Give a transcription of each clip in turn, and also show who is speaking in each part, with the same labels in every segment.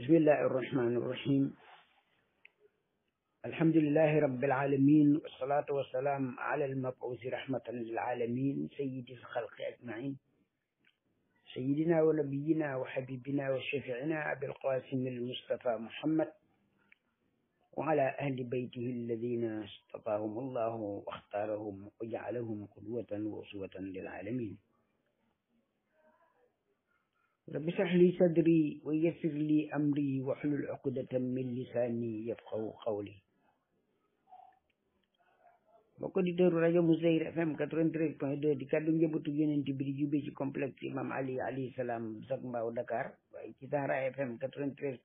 Speaker 1: بسم الله الرحمن الرحيم الحمد لله رب العالمين والصلاة والسلام على المبعوث رحمة للعالمين سيد الخلق أجمعين سيدنا ونبينا وحبيبنا وشفيعنا أبي القاسم المصطفى محمد وعلى أهل بيته الذين اصطفاهم الله واختارهم وجعلهم قدوة وأسوة للعالمين rabbi shrah li sadri wa yassir li amri wahlul uqdatan min lisani yafqahu qawli bokk di dëru rajo Mouzayir FM 93.2 di kàddu njabootu yonent bi di jubee ci complexe imam Ali alayhi salaam Zac Mbao Dakar waaye ci Sahara FM 93.8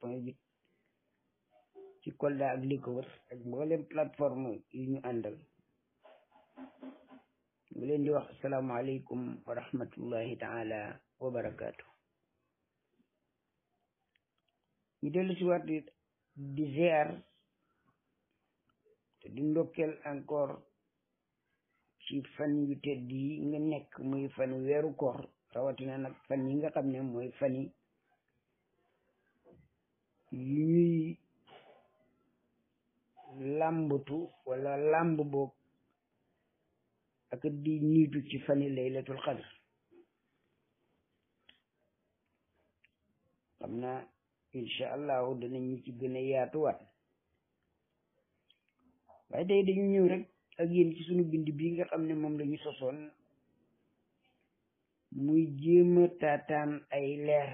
Speaker 1: ci Kolda ak li ko wër ak mboolem plateforme yu ñu àndal mu leen di wax asalaamaaleykum wa rahmatullahi taala wa barakaatu. ñu dellu si waat di ziar te di ndokkeel encore ci fan yu tedd yi nga nekk muy fan weeru koor rawatina nag fan yi nga xam ne mooy fan yi ñuy làmbatu wala làmb boog ak di niitu ci fan yi laylatul xadr xam naa incha allahu danañu ci gën a yaatuwaat waaye tey dañu ñëw rek ak yéen ci sunu bind bii nga xam ne moom lañu sosoon muy jéem a taataan ay leer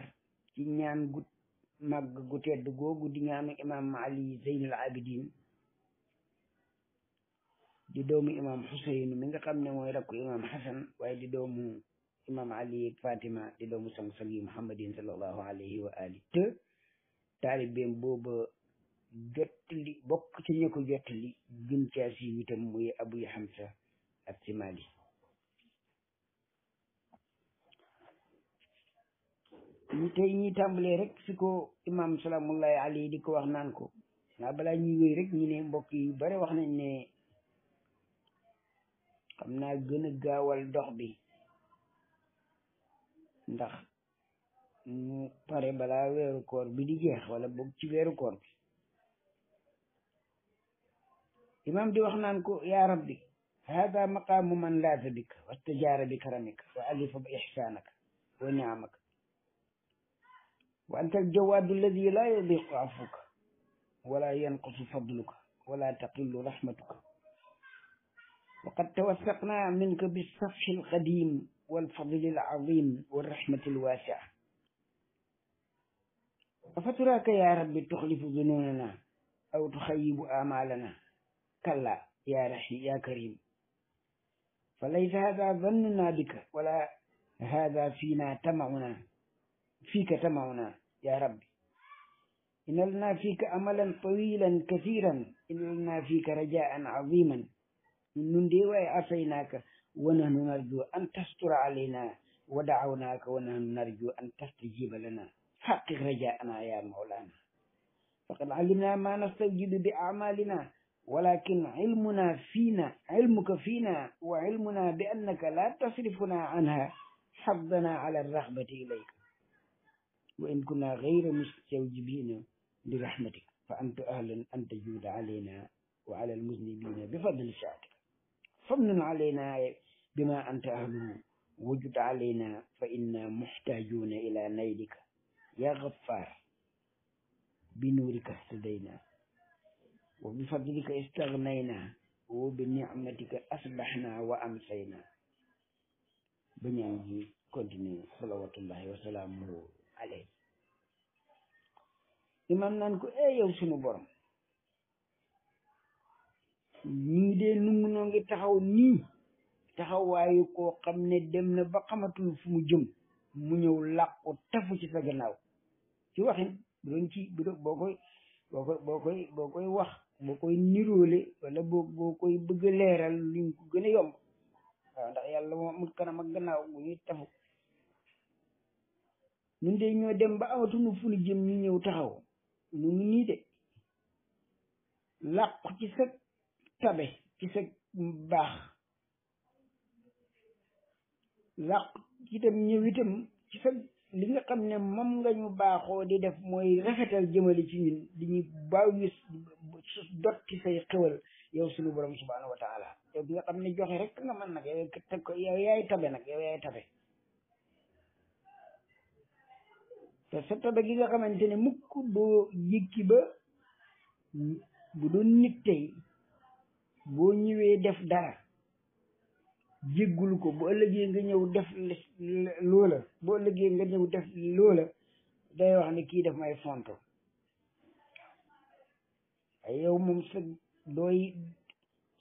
Speaker 1: ci ñaan gu màgg gu tedd googu di ñaanu imaam ali zeynul abidin di doomu imaam xuseyn mi nga xam ne mooy rakku imaam xasan waaye di doomu imaam ali ak fatima di doomu sang sang sallallahu ali te taalibeem booba jottali bokk ci ñi ko jottali gën caa siiw itam muy abuy xamsa ak simaali ñu tey rek fi ko imam salaamullahi alayhi di ko wax naan ko naa balaa ñuy wéy rek ñu ne mbokk yu bare wax nañ ne xam naa gën a gaawal dox bi ndax mu pare balaa weeru koor bi di jeex wala boog ci weeru koor bi imam di wax naan ko yaa rabbi hada maqaamu man laata bika wastajaara bi karamika wa alifa bi ihsaanaka wa niamaka wa anta aljawaadu alladi laa yadiqu afuka wala yanqusu fadluka wala taqillu rahmatuka وقد توثقنا منك بالصفح القديم والفضل العظيم والرحمة الواسعة أفتراك يا ربي تخلف ظنوننا أو تخيب آمالنا كلا يا رحي يا كريم فليس هذا ظننا بك ولا هذا فينا تمعنا فيك تمعنا يا ربي إن لنا فيك أملا طويلا كثيرا إن لنا فيك رجاء عظيما من دي عصيناك ونحن نرجو أن تستر علينا ودعوناك ونحن نرجو أن تستجيب لنا حقق رجاءنا يا مولانا فقد علمنا ما نستوجب بأعمالنا ولكن علمنا فينا علمك فينا وعلمنا بأنك لا تصرفنا عنها حضنا على الرغبة إليك وإن كنا غير مستوجبين لرحمتك فأنت أهل أن تجود علينا وعلى المذنبين بفضل شعرك فمن علينا بما أنت أهله وجد علينا فإنا محتاجون إلى نيلك يا غفار بنورك اهتدينا وبفضلك استغنينا وبنعمتك أصبحنا وأمسينا بنعمه continue صلوات الله وسلامه عليه imam naan ko e yow sunu borom ñii dee nungu noo taxaw nii taxawaayu koo xam ne dem na ba xamatul fu mu jëm mu ñëw làqu tafu ci sa gannaaw ci waxin bu doon ci bu doon boo koy boo koy boo koy wax boo koy niroole wala boo koy bëgg a leeral liñ ko gën a yomb waaw ndax yàlla moo amul kanam ak gannaaw bu ñuy tafu ñun de ñoo dem ba amatuñu fu ñu jëm ñu ñëw taxaw ñu ngi nii de làqu ci sa tabe ci sa baax làqu ci itam ñëw xam ne moom nga ñu baaxoo di def mooy rafetal jëmali ci ñun di ñu baaw ñu dot ci say xewal yow suñu borom subhaanahu wa taala joxe rek nga mën nag yaay tabe nag yow yaay tabe te sa tabe gi nga xamante ne mukk doo jikki ba bu doon nit tey boo ñëwee def dara jéggulu ko bu ëllëgee nga ñëw def loola bu ëllëgee nga ñëw def loola day wax ni kii daf may fonto ay yow moom sa dooy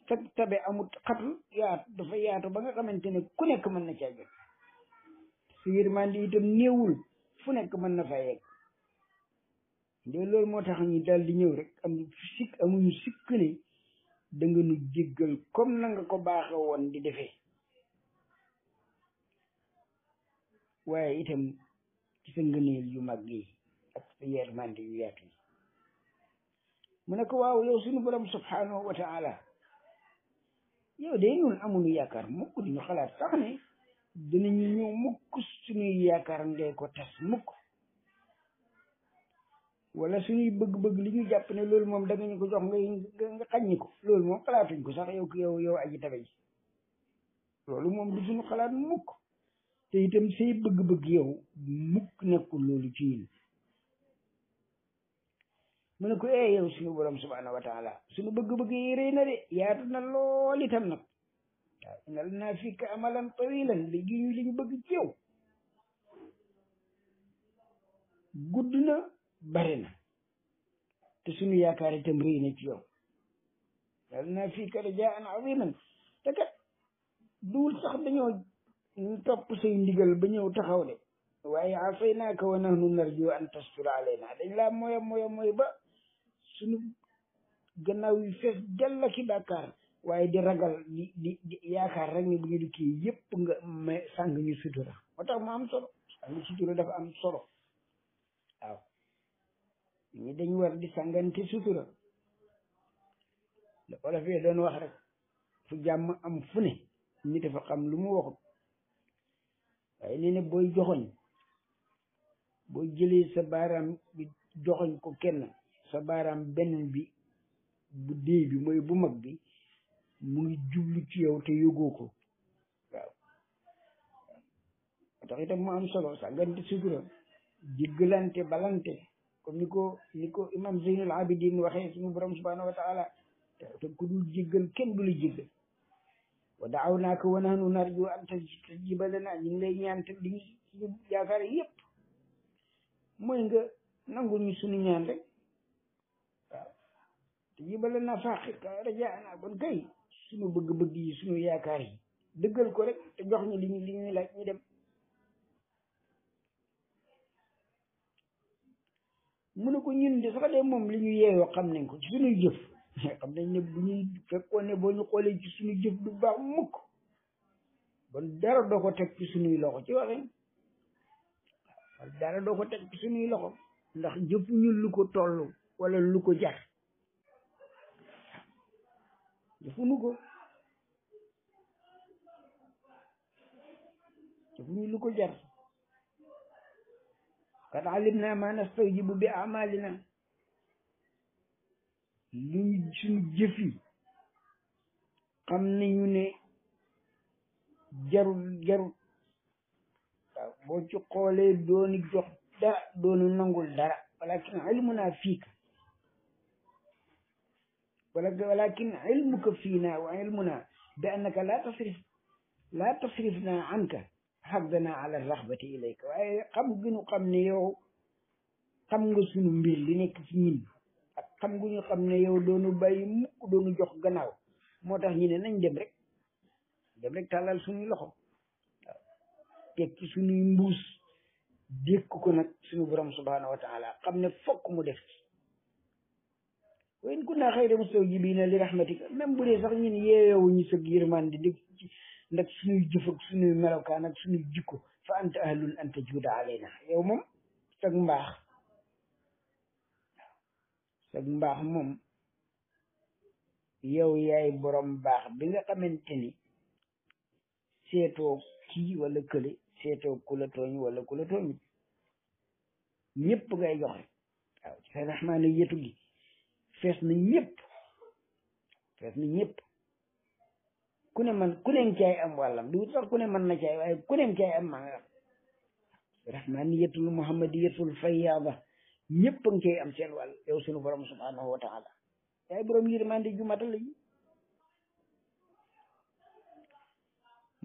Speaker 1: sa tabe amut xatu yaatu dafa yaatu ba nga xamante ne ku nekk mën na caa jot su yërmande itam néewul fu nekk mën na fa yegg de loolu moo tax ñu daal di ñëw rek am sikk amuñu sikk ne nga nu jéggal comme na nga ko baaxe woon di defee waaye itam ci sa yu mag yi ak sa yermande yu yaatu yi mu ne ko waaw yow suñu borom subhanahu wa taala yow de ñun amuñu yaakaar mukk duñu xalaat sax ne dinañu ñëw mukk suñuy yaakaar ngay ko tas mukk wala suñuy bëgg-bëgg li ñu jàpp ne loolu moom da ko jox ngay ñi ko loolu moom ko sax yow yow yow aji tabe ji moom du suñu xalaat mukk te itam say bëgg-bëgg yow mukk nekkul loolu ci yéen mu ne ko ee eh, yow suñu borom subhaanahu bëgg-bëgg yi rëy na de yaatu na lool itam nag waaw naa fi ka amalan tawilan léegi ñu li bëgg ci yow gudd na bari na te suñu yaakaar itam rëy na ci naa fi ka rajaan aziman te kat duwul sax dañoo ñu topp say ndigal ba ñëw taxaw de waaye afay naaka wa nahnu narju an tastura alayna dañ laa moya moya moy ba suñu gannaaw yu fees dell ki bàkkaar waaye di ragal di di yaakaar rek ni bu ñu di kii yëpp nga ma sàng ñu sutura moo tax mu am solo sàng sutura dafa am solo waaw ñi dañ war di sàngante sutura la yi doon wax rek fu jàmm am fu ne ñi xam lu mu waxut waaye li ne booy joxoñ boo jëlee sa baaraam joxoñ ko kenn sa baaraam benn bi bu dee bu mag bi mu ngi jublu ci yow te yógoo ko waaw moo tax itam mu am balante ni ko ni ko imam zeynul abidin waxee suñu borom subhanahu wa taala te ku dul wa daaw naa wa nahnu narju an tajiba lana ñu ngi lay ñaan te li ñu yaakaar yëpp mooy nga nangul ñu suñu ñaan rek waaw tajiba lana faaqiqa rajaana kon kay suñu bëgg-bëgg yi suñu yaakaar yi dëggal ko rek te jox ñu li ñu li ñuy dem mu ko ñun de sax de moom li ñu yeeyoo xam nañ ko ci suñuy xam na ne bu ñuy fekkoon ne boo ñu xoolee ci suñu jëf du baax mukk kon dara doo ko teg ci suñuy loxo ci waxin dara doo ko teg ci suñuy loxo ndax jëf ñu lu ko toll wala lu ko jar jëfuñu ko jëfuñu lu ko jar kad alim na ma nastawjibu bi amalina luy suñu jëf yi xam nañu ne jarul jarul waaw boo ci xoolee dooni jox dara dooni nangul dara walakin ilmuna fiika wala walakin ilmuka fiina wa ilmuna bi annaka laa tasrif laa tasrif naa anka xagdanaa ala raxbati ilayka waaye xam ginu xam ne yow xam nga sunu mbir li nekk ci ñin xam gu ñu xam ne yow doonu bàyyi mukk doonu jox gannaaw moo tax ñu ne nañ dem rek dem rek tàllal suñu loxo waaw teg ci suñuy mbuus dékk ko nag suñu borom subhaanahu wa taala xam ne fokk mu def ci wayn ku naa xëy da mustajibiina li rahmatika même bu dee sax ñun yeeyoowuñu sëg yërmande dëgg ci ndax suñuy jëf ak suñuy melokaan ak jikko fa anta ahlun anta juuda alayna yow moom sag mbaax sag mbaax moom yow yaay borom baax bi nga xamante ni seetoo kii wala kële seetoo ku la tooñ wala ku la tooñut ñëpp ngay joxe gi fees na ñëpp fees na ñëpp ku ne man ku ne caay am wàllam du sax ku ne mën na caay waaye ku ne caay am am raxmaani yetul muhammadi yetul ñëpp a ngi koy am seen wàll yow sunu borom subhanahu wa taala yaay borom yërmande ju matal yi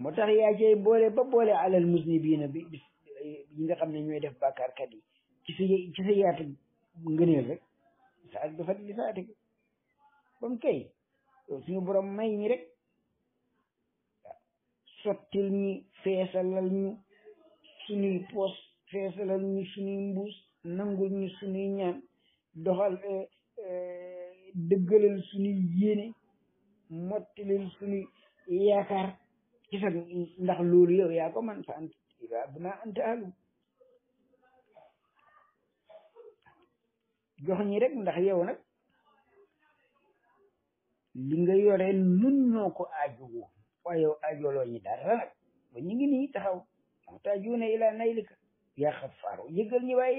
Speaker 1: moo tax yaa cay boole xam ne ñooy def ci sa ci rek sa ak dafa di yow suñu borom may ñi rek sottil ñi feesalal ñu suñuy poos feesalal ñu suñuy mbuus nangul ñu suñuy ñaan doxal eh, dëggalal suñuy yéene mottilil suñuy yaakaar ci sax ndax loolu yow yaa ko man fa ant bu naa ant alum jox ñi rek ndax yow nag li nga yore nun ñoo ko aajowoo waaye yow aajoloo ñi dara nag ba ñu ngi nii taxaw waxtaajuna ilaa naylika yaa xafaaru yëgal ñi waaye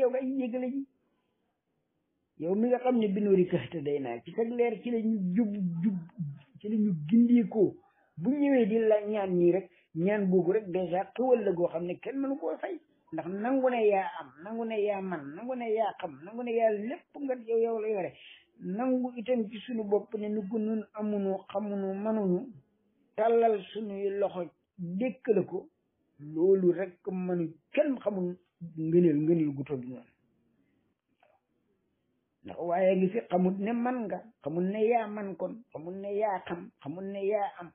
Speaker 1: yow mi nga xam ne binuuri kaxte day naa ci tag leer ci lañu jub jub ci lañu gindeekoo bu ñëwee di la ñaan ñii rek ñaan boobu rek dèjà xëwal la goo xam ne kenn mënu koo fay ndax nangu ne yaa am nangu ne yaa man nangu ne yaa xam nangu ne lépp nga yow yow nangu itam ci suñu bopp ne nu ko nun amunu xamunu manuñu tàllal suñuy loxo dékk la ko loolu rek mënu kenn xamul ngëneel ngëneel gu toll noonu waaye ngi fi xamul ne man nga xamul ne yaa man kon xamul ne yaa xam xamul ne yaa am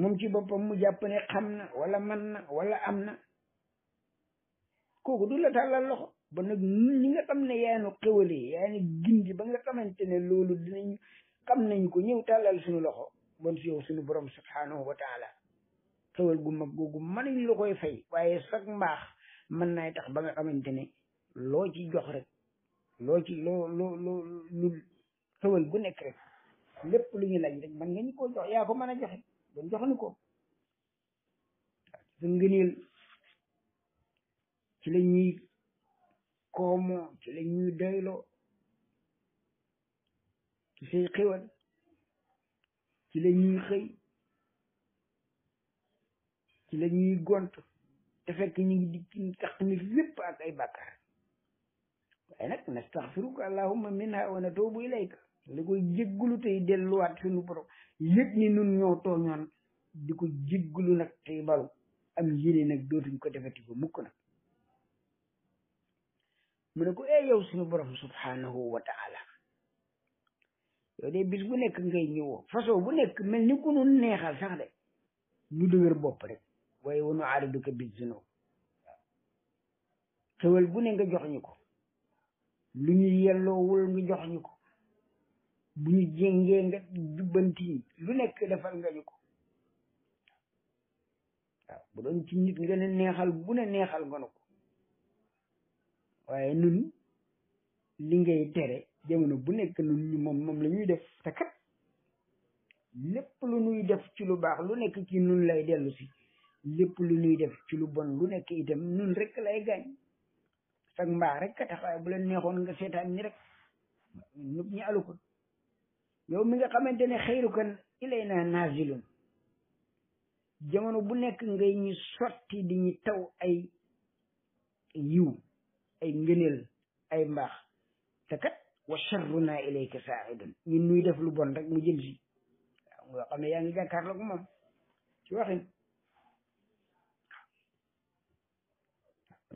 Speaker 1: moom ci boppam mu jàpp ne xam na wala man na wala am na kooku du la tàllal loxo ba nag ñun ñi nga xam ne yaa nu xéwale yaa ni gindi ba nga xamante ne loolu dinañ xam nañ ko ñëw tàllal suñu loxo bon si yow suñu xewal gu mag googu mënuñ la koy fay waaye sax mbaax mën naay tax ba nga xamante ne loo ci jox rek loo ci loo loo loo lu gu nekk rek lépp lu ñu laaj rek man nga ñu koo jox yaa ko mën a joxe doon jox ni ko sa ngëneel ci la ñuy koomo ci la ñuy doyloo ci say xewal ci la ñuy xëy ci la ñuy gont te fekk ñu ngi di tax ni lépp ak ay bàkkaar waaye nag nastaxfiruka allahumma minha wa natubu ilayka li koy jéggulu tey delluwaat suñu borom yëg ni nun ñoo tooñoon di ko jéggulu nag tey balu am yéene nag dootuñ ko defati ko mukk nag mu ne ko ee eh, yow suñu borom subhanahu wa taala yow de bis bu nekk ngay ñëwoo façon bu nekk mel ni ku nu neexal sax de ñu dëgër bopp rek waaye wanu aariduka bi zunub xewal bu ne nga jox ñu ko lu ñu yelloowul nga jox ñu ko bu ñu jéngee nga jubbanti lu nekk defal nga ñu ko waaw ci nit nga neexal bu ne neexal nga waaye nun li ngay tere jamono bu nekk nun ñu moom moom la ñuy def te lépp lu ñuy def ci lu baax lu nekk ci nun lay dellu si lépp lu ñuy def ci lu bon lu nekk itam nun rek lay gaañ sag mbaax rek ka tax bu leen neexoon nga seetaan ñi rek ñëpp ñi alu ko yow mi nga xamante ne xeeru kan ilay naa naazilun jamono bu nekk ngay ñu sotti di ñu taw ay yiw ay ngëneel ay mbaax te kat wa sharruna ilayka saaidun ñun nuy def lu bon rek mu jëm si waaw nga xam yaa ngi jàkkaarloog moom ci waxin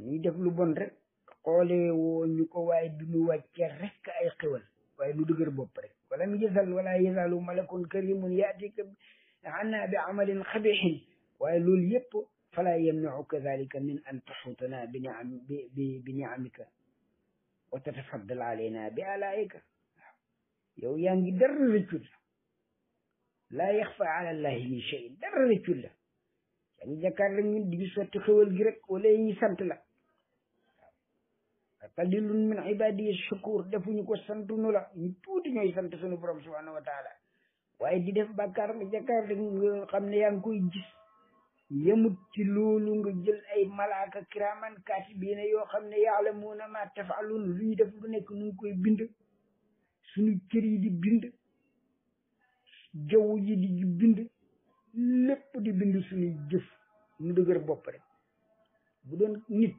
Speaker 1: ñuy def lu bon rek xoolee woo ñu ko waaye duñu wàcce rek ay xewal waaye lu dëgër bopp rek wala mi jësal wala yësalu malakun karimun yaatika anna bi amalin xabihin waaye loolu yëpp fala yamnau kadalika min an taxutana bi niam bi bi bi niamika wa tatafaddal alayna bi alaika waaw yow yaa ngi dara rëccut la laa yaxfa ala allahi min shay dara rëccut la dañu jàkkaar rek ñun di sotti sant la a qalilun min ibadiyi shukur defuñu ko santunu la ñu tuuti ñooy sant sunu borom subhanahu wa taala waaye di def bàkkaar nga jàkkaar rek nga xam ne yaa ngi koy gis yemut ci loolu nga jël ay malaaka kiraaman kaatibiina yoo xam ne yaalamuuna ma tafalun lu ñu def lu nekk nu ngi koy bind suñu cër yi bind jaww ji bind lépp di bind suñuy jëf ñu dëgër bopp rek bu doon nit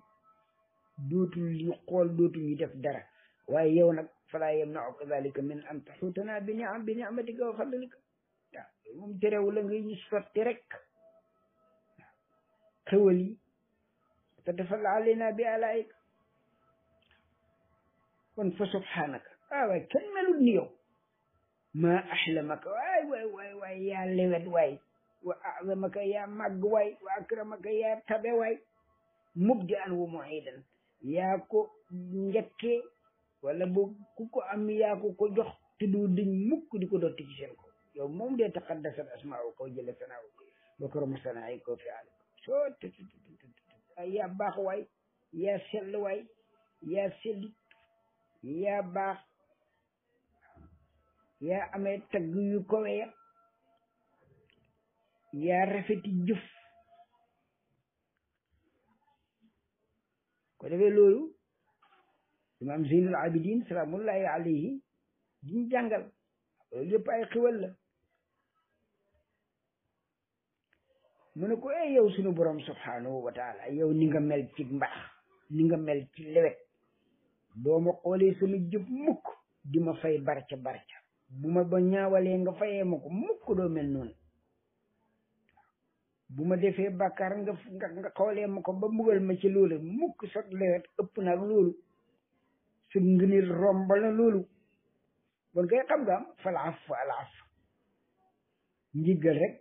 Speaker 1: dootuñu xool dootuñu def dara waaye yow nag falaa yamnauka zalika min an taxuutanaa bi niam bi niamatika wa fadlika waaw loolu moom terewu la ngay ñu sotti rek waaw xewal yi te tafal alayna bi alaayika kon fa subhaanaka waaw waay kenn melut ni yow maa ahlamaka waay waay waay waay yaa lewet waay wa azamaka yaa màgg waay wa akramaka yaa tabe waay mubdi an wa muidan yaa ko njëkkee wala bu ko am yaa ko ko jox te du diñ mukk di ko dotti ci seen ko yow moom dee taqaddasat asma'u ko jële sanaawu ko bakoromu ko yaa baax waay yaa sell waay yaa sellit yaa baax yaa amee tagg yu kowe yaa rafeti jëf ko defee loolu imaam zeynul abidin salaamullahi alayhi diñ jàngal loolu yëpp ay xiwal la mu ne ko ay eh, yow sunu borom subhanahu wa taala yow ni nga mel ci mbaax ni nga mel ci lewet dooma xoolee sama jëf mukk di fay barca barca bu ma ba ñaawalee nga fayee ma mukk doo mel noonu bu ma defee bàkkaar nga nga nga xoolee ko ba mbugal ma ci loolu mukk sot lewet ëpp na ak loolu su ngëneel rombal na loolu bon kay xam nga am falaaf falaaf njiggal rek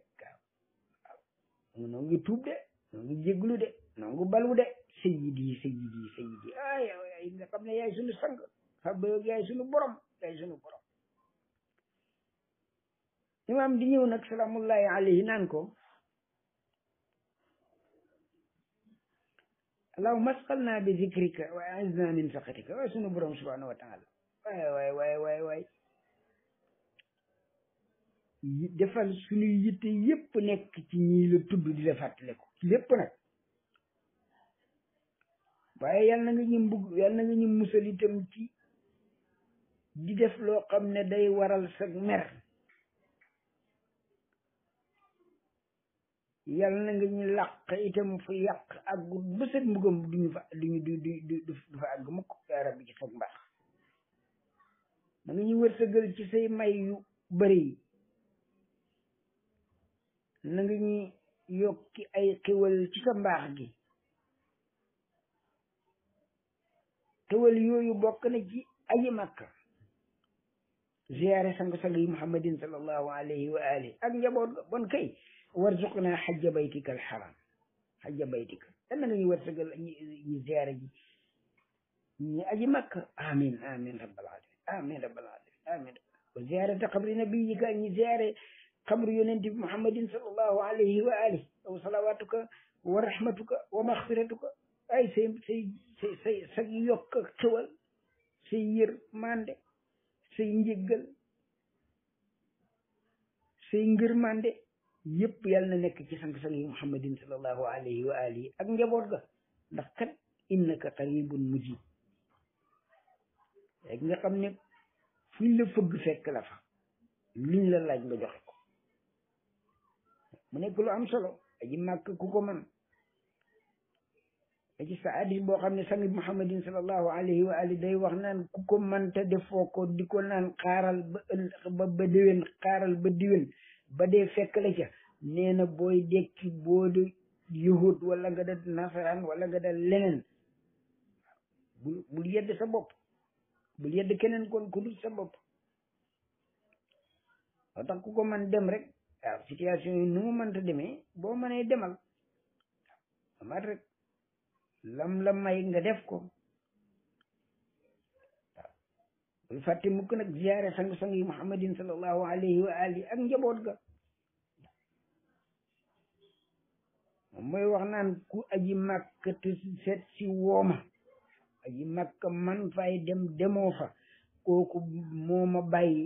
Speaker 1: waaw noo tuub de noo ngi jéglu de noo ngi balu de sayyidi sayyidi sayyidi ay ay sunu sang xam sunu borom yaay sunu borom imaam di ñëw nag salaamullahi alayhi naan ko allahumma asqalna bi zikrika wa a'iznaa min saqatika waaye sunu borom subhaanahu wa taala waaye waay waay waay waay defal suñu yitte yépp nekk ci ñii tudd di la fàttaliku lépp nag waaye yal na nga ñu mbug yal na nga musal itam ci di def loo xam ne day waral sag mer yal na nga ñu làq itam fu yàq àggut ba seen mbugam duñu fa duñu du du du du fa àgg mukk yaa rabbi ci sag mbaax na nga ñu wërsëgal ci say may yu bëri yi na ñu yokki ay xéwal ci sa mbaax gi xéwal yooyu bokk na ci aji makka ziyaare sang sang yi muhammadin sallallahu alayhi ak njaboot bon kay warzuqna xajja baytika alxaram xajja baytika yal na nga ñu wërsëgal ñu ziyaare ji ñi aji makka amin amin rabbal alamin amin rabbal alamin amin wa ziyarata xabri nabiyika ñi ziyaare xabru yonent bi muhammadin sallallahu alayhi wa alihi wa salawatuka wa rahmatuka wa maxfiratuka ay say say say say sa yokk ak xewal say yër mande say njëggal say ngir mande yëpp yàlla na nekk ci sang-sang yi muhammadin sallallahu alayhi wa alihi ak njaboot ga ndax kat innaka qaribun mujib léegi nga xam ne fuñ la fëgg fekk la fa luñ la laaj nga joxe ko mu nekk lu am solo aji màkk ku ko mën da ci sa hadis boo xam ne sangi muhammadin sallallahu alayhi wa day wax naan ku ko mën te defoo ko di ko naan xaaral ba ël ba ba déwén ba déwén ba dee fekk la ca nee na dekki boo di wala nga da nasaraan wala nga da leneen bul bul yedd sa bopp bul keneen kon ku dul sa bopp woo ko man dem rek waaw situation yi nu mu mënta demee boo mënee demal amaat rek lam la may nga def ko bul fàtte mukk nag ziyaare sang-sang yi muhammadin sallallahu alayhi wa alihi ak njaboot ga moom mooy wax naan ku aji màkka te seet si wooma aji màkka man fay dem demoo fa kooku mooma bàyyi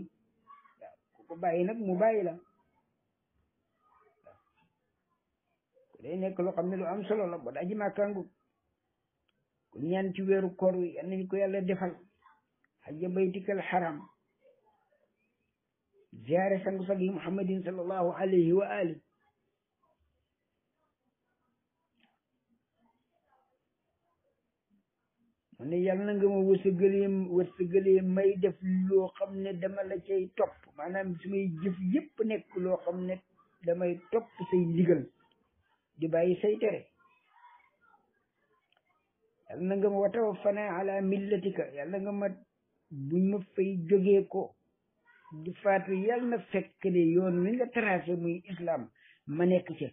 Speaker 1: waaw kooku bàyyi nag mu bàyyi la ku day nekk loo xam ne am solo la ba aji màkkaangu ku ñaan ci weeru kor wi yal nañu ko yàlla defal hajja baytikal haram ziyaare sangu sag yi muhammadin sallallahu alayhi wa ali mu ne yàlla na nga ma wërsëgalee wërsëgalee may def loo xam ne dama la cay topp maanaam su may jëf yëpp nekk loo xam ne damay topp say ndigal di bàyyi say tere yàlla na nga ma watawaffana ala millatika yàlla na nga ma bu ma fay jógee ko di faatu yàlla na fekk ne yoon wi nga tracé muy islam ma nekk ca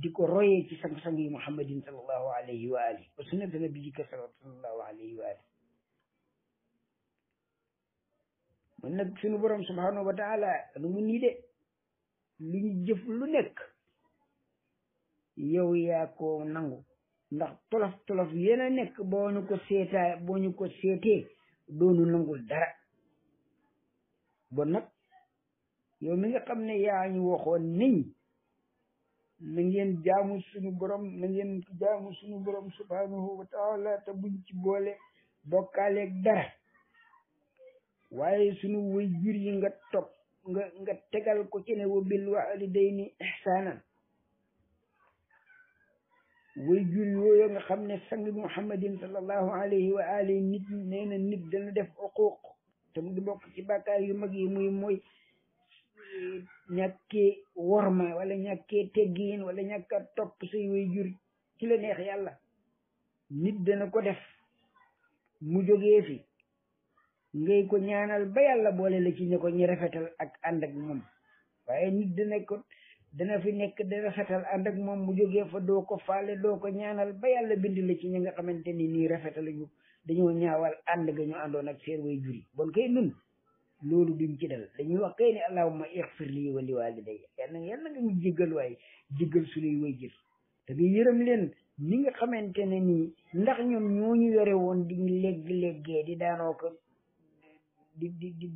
Speaker 1: di ko royee ci sang-sang yi muhammadin sallallahu alayhi wa ali wa sunnata nabiyika sallallahu alayhi wa ali man nag suñu borom wa taala nu mu nii de lu jëf lu nekk yow yaa ko nangu ndax tolof tolof yéen a nekk boo ñu ko seetaa boo ñu ko seetee doonu nangul dara bon nag yow mi nga xam ne yaa ñu waxoon niñ na ngeen jaamu suñu borom na ngeen jaamu suñu borom subhanahu wa taala te buñ ci boole bokkaaleeg dara waaye suñu way jur yi nga topp nga nga tegal ko ci ne wa bil walidayni ihsaanan way jur yooyu nga xam ne sang muhammadin sallallahu alayhi wa alihi nit nee na nit dana def uquq te mu ngi bokk ci bàkkaar yu mag yi muy mooy ñàkkee worma wala ñàkkee teggiin wala ñàkka topp say way jur ci la neex yàlla nit dana ko def mu jógee fi ngay ko ñaanal ba yàlla boole la ci ne ko ñi rafetal ak ànd ak moom waaye nit dana ko dana fi nekk dana rafetal ànd ak moom mu jógee fa doo ko faale doo ko ñaanal ba yàlla bind la ci ñi nga xamante ni nii rafetal ñu dañoo ñaawal ànd ga ñu àndoon ak seen way juri bon kay nun loolu duñ ci dal dañuy wax kay ne allahumma ixfir lii wa li waalidayya yàlla yàlla nga ñu jéggal waay jéggal te nga yërëm leen ni nga xamante ne nii ndax ñoom ñoo ñu yore woon di ñu legg-leggee di daanoo ko di di di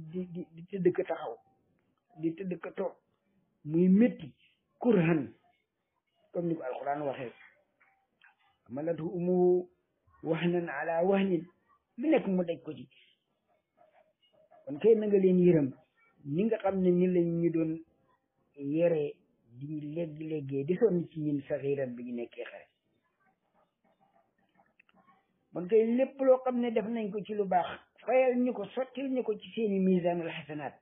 Speaker 1: di tëdd ko taxaw di tëdd ko toog muy métti kurhan comme ni ko alquran waxee xamalathu umuhu wahnan ala wahnin lu nekk mu daj ko ci kon kay na nga leen yërëm ni nga xam ne ni lañ ñu doon yëree di légg-léggee di sonn ci ñun saxiran bi ñu nekkee xare kon kay lépp loo kam ne def nañ ko ci lu baax fayal ñu ko sottil ñu ko ci seeni misanul xasanaat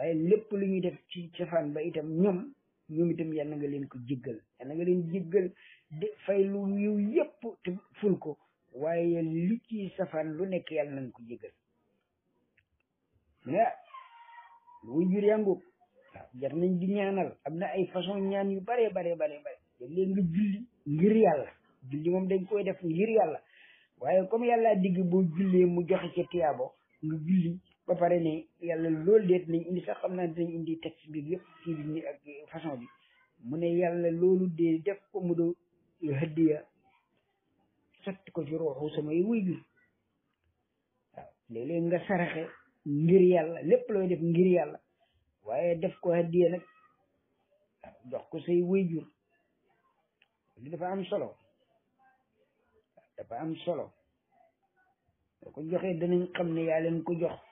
Speaker 1: waaye lépp lu ñuy def ci cafaan ba itam ñoom ñoom itam yal na nga leen ko jéggal yal na nga leen jéggal de fay lu yiw yépp te ful ko waaye li ci safaan lu nekk yal na nga ko jéggal mais lu jur jar nañ di ñaanal am na ay façon ñaan yu bare bare bare bare te léegi julli ngir yàlla julli moom dañ koy def ngir yàlla waaye comme yàlla digg boo jullee mu joxe ca tiyaabo nga julli ba pare ne yàlla loolu de dinañ indi sax xam naa dinañ indi texte bi yëpp kii bi ni ak façon bi mu ne yàlla loolu de def ko mu do hadiya sotti ko ci ruuxu samay wuy jur waaw léeg-léeg nga saraxe ngir yàlla lépp looy def ngir yàlla waaye def ko hadiya nag waaw jox ko say wuy jur li dafa am solo dafa am solo boo ko joxee danañ xam ne yaa leen ko jox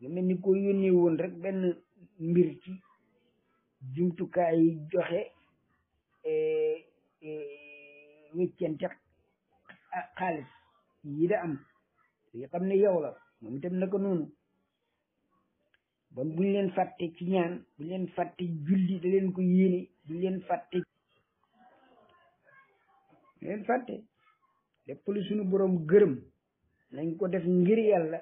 Speaker 1: lu mel ni ko yónnee woon rek benn mbir jumtukaay yi joxe e, e, wéccente xaalis yi da am yi xam ne yow la moom itam naka noonu bon buñ leen fàtte ci ñaan buñ leen fàtte julli da leen ko yéene buñ leen fàtte leen fàtte lépp lu suñu boroom gërëm nañ ko def ngir yàlla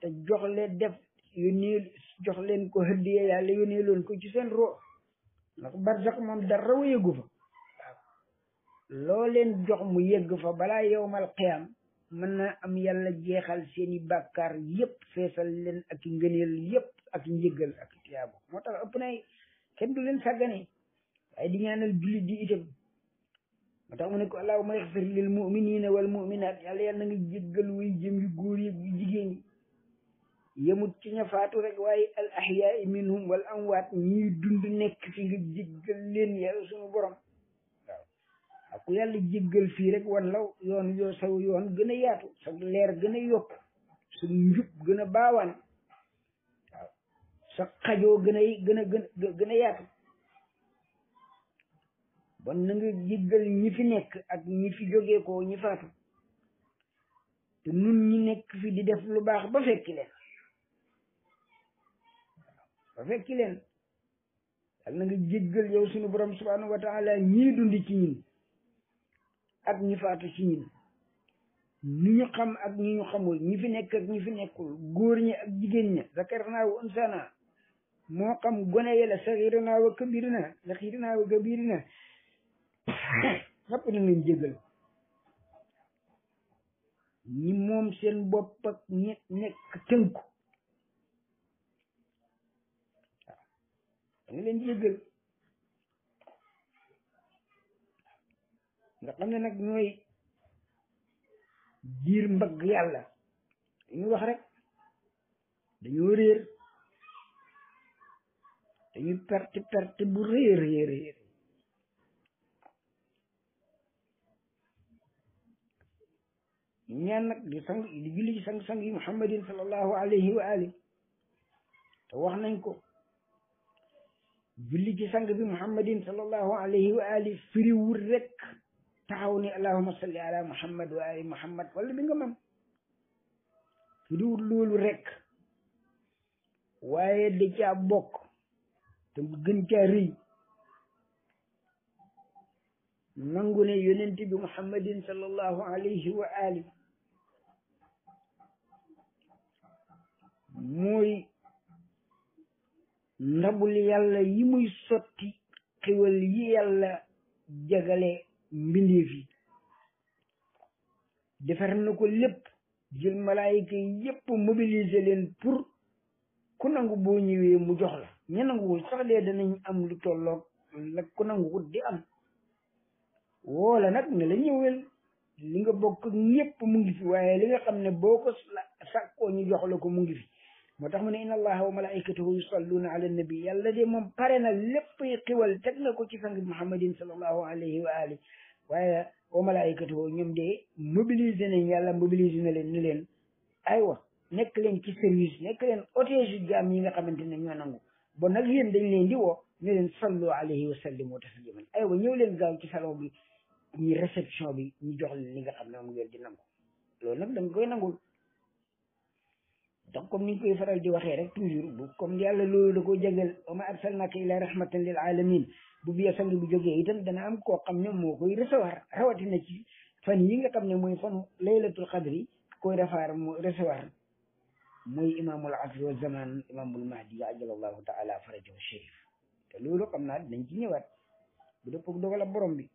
Speaker 1: te jox leen def yónnee jox leen ko hëddiya yàlla yónnee loon ko ci seen roo ndax barsax moom dara yëgu fa waaw loo leen jox mu yëgg fa balaa yowmal qiyaam mën na am yàlla jeexal i bàkkaar yëpp feesal leen ak ngëneel yëpp ak njëggal ak tiyaabo moo tax ëpp nay kenn du leen sàggane waaye di ñaanal jullit di itam moo tax mu ne ko allahumma yaxfir lil muminina wal muminat yàlla yàlla na nga jéggal way jëm yu góor yi yu jigéen yi yemut ci ña rek waaye al ahyaai minhum wal amwaat ñiy dund nekk fi nga jéggal leen yàlla suñu borom waaw yàlla jéggal fii rek wan law yoon yoo saw yoon gën a yaatu sa leer gën a yokk sa njub gën a baawaan waaw sa xajoo gën a yaatu bon na nga jéggal ñi fi nekk ak ñi fi jógee te nun ñi nekk fi di def lu baax ba fekki leen ba fekki leen na nga jéggal yow suñu borom subhanahu wa taala ñii dundi ci ñin ak ñi faatu ci ñin ñi ñu xam ak ñi ñu xamul ñi fi nekk ak ñi fi nekkul góor ñi ak jigéen ña zakarnaa wa unsanaa moo xam gone yi la saxiiranaa wa kabiiranaa saxiiranaa wa kabiiranaa ñëpp nañ leen jégal ñi moom seen bopp ak ñi nekk tënku danga leen di jéggal nga xam ne nag ñooy diir mbagg yàlla ñu wax rek dañoo réer dañuy perte perte bu réy réy réy nag di sang di sang sang muhammadin sallallahu alayhi wa ali te wax nañ ko julli ci sang bi muhammadin sallallahu alayhi wa ali firiwul rek taxaw ni allahuma salli ala muhammad wa ali bi nga mam firiwul loolu rek waaye da caa bokk te mu gën caa rëy nangu ne yonent bi muhammadin sallallahu alayhi wa ali mooy ndabul yàlla yi muy sotti xéwal yi yàlla jagale mbindeef yi defar na ko lépp jël malaayika yépp mobiliser leen pour ku nangu boo ñëwee mu jox la ña nanguwul sax dee danañ am lu tolloog la ku nanguwul di am woola nag ne la ñëwel li nga bokk ñépp mu ngi waaye li nga xam ne boo ko sàkkoo ñu jox la ko mu ngi moo tax mu ne inna allaha wa malaikatahu yusalluna ala nabi yàlla de moom pare lépp xiwal teg na ko ci sang muhammadin sallallahu alayhi wa ali waaye wa malaikatahu ñoom de mobiliser nañ yàlla mobiliser na leen ni leen aywa nekk leen ci service nekk leen otage jaam yi nga xamante ne ñoo nangu bon nag yéen dañ leen di woo ne leen sallu alayhi wa sallim wa tasliman aywa ñëw leen gaaw ci salon bi ñi réception bi ñu jox leen li nga xam ne moom ngeen di nangu loolu nag da nga koy nangul donc comme niñ koy faral di waxee rek toujours bu comme yàlla loolu da koo jagleel wa ma arsalnaka ila rahmatan lil bu biya sangi bu jógee itam dana am ko xam ne moo koy recevoir rawatina ci fan yi nga xam ne mooy fanu laylatul qadri koy refaar mu recevoir mooy imaamul asr wa zaman imaamul mahdi ajalallahu taala farajahu sharif te loolu xam naa dinañ ci ñëwaat bu dëppoog dogal a borom bi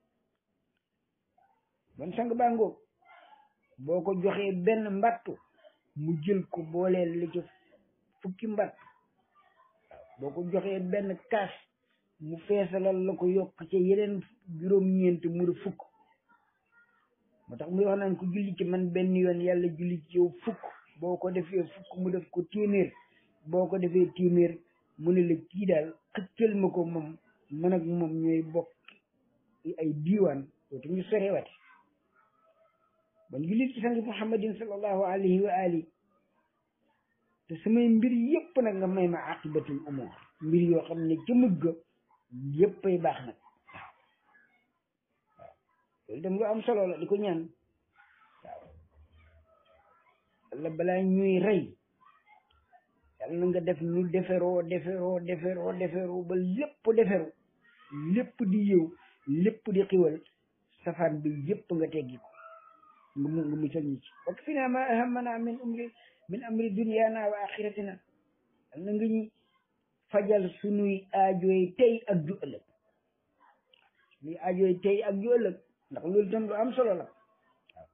Speaker 1: bon sang baa ngoog boo ko joxee benn mbattu mu jël ko booleel li ci fukki mbat boo ko joxee benn kaas mu feesalal la ko yokk ca yeneen juróom-ñeent mu fukk moo tax muy wax naan ko julli man benn yoon yàlla julli ci yow fukk boo ko defee fukk mu def ko téeméer boo ko defee téeméer mu ne la kii daal xëccal ma ko moom man ak moom ñooy bokk ay diiwaan dootuñu sorewate ban jullit ci sang muhammadin sallallahu alayhi wa te samay mbir yëpp nag nga may ma aqibatul umur mbir yoo xam ne ca mujj ga baax nag waaw dem nga am solo la di ko ñaan waaw walla balaa ñuy rey yàlla def nu deferoo deferoo deferoo deferoo ba lépp deferu lépp di yëw lépp di xiwal safaan bi yëpp nga teggi ko nga mu nga musal ci wa kafina ma ahammana min min amri dunyaana wa axiratina na nga ñu fajal sunuy aajoy tey ak ju sunuy aajoy tey ak ju ndax loolu tam lu am solo la waaw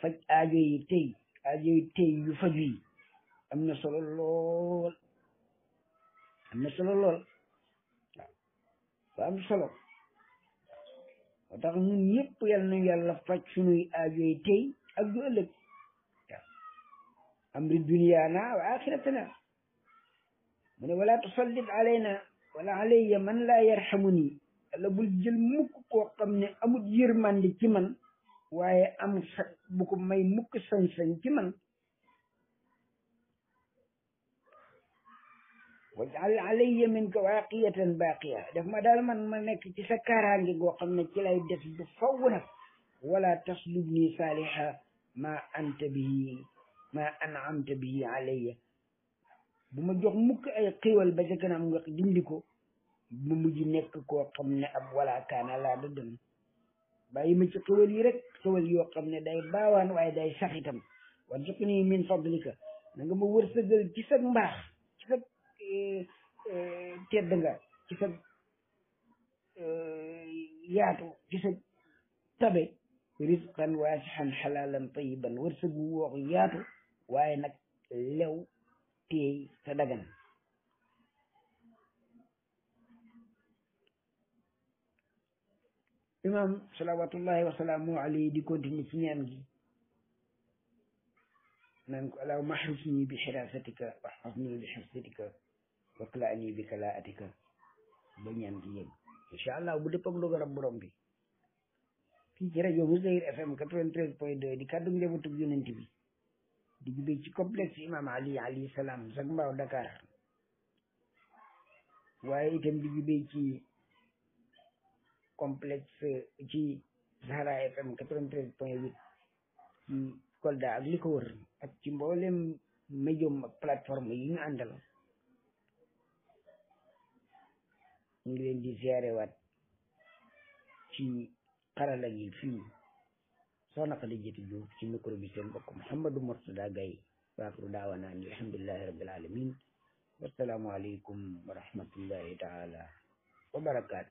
Speaker 1: faj aajoy am na solo lool am na solo lool waaw am solo ba tax ñun ñëpp yal na yàlla faj sunuy aajoy tey ak du ëllëg waaw amri duniyaana wa axiratana mu ne wala tusallit alayna wala alayya man laa yarhamuni yàlla bul jël mukk koo xam ne amut yërmande ci man waaye am sa bu ko may mukk sañ-sañ ci man wajal alayya minka waaqiyatan baaqiya daf ma daal man ma nekk ci sa kaaraange goo xam ne ci lay des bu faw nag wala taslub nii saaliha ma anta bihi ma an'amta bihi alayya bu ma jox mukk ay xiiwal ba ca kanam nga dindi ko mu mujj nekk koo xam ne ab wala kaana laa da dem bàyyi ma ci xiiwal yi rek xiiwal yoo xam ne day baawaan waaye day saxitam warzuqnii min fadlika na nga ma wërsëgal ci sa mbaax tedd nga ci sa euh, yaatu ci sa tabe rizqan waasixan xalaalan tayiban wërsëgu wooxu yaatu waaye nag lew teey te dagan imam salawatullahi wasalaamu alayhi di continue ci ñaan gi naan ko alaaw mahrisni bi xiraasatika waxfasni bi xirsatika wakkala ani bi kala atika ba ñaan gi yéen allah bu dëpp ak dogalam borom bi fii ci rajo Mousdahir FM 93.2 di kàddu njabootu yonent bi di jubee ci complexe imam ali alayhi salaam sax mbaaw Dakar waaye itam di jubee ci complexe ci Zahra FM 93.8 ci Kolda ak li ko wër ak ci mboolem médium ak plateforme yi ñu àndal ñu ngi leen di ziare waat ci xarala gi fii soxna Khady Diatou Diouf bi seen mbokk Mouhamadou Mourtada Gaye waaxiru daawanaa ni alhamdulillahi rabbil alamin wassalaamu aleykum wa rahmatullahi taala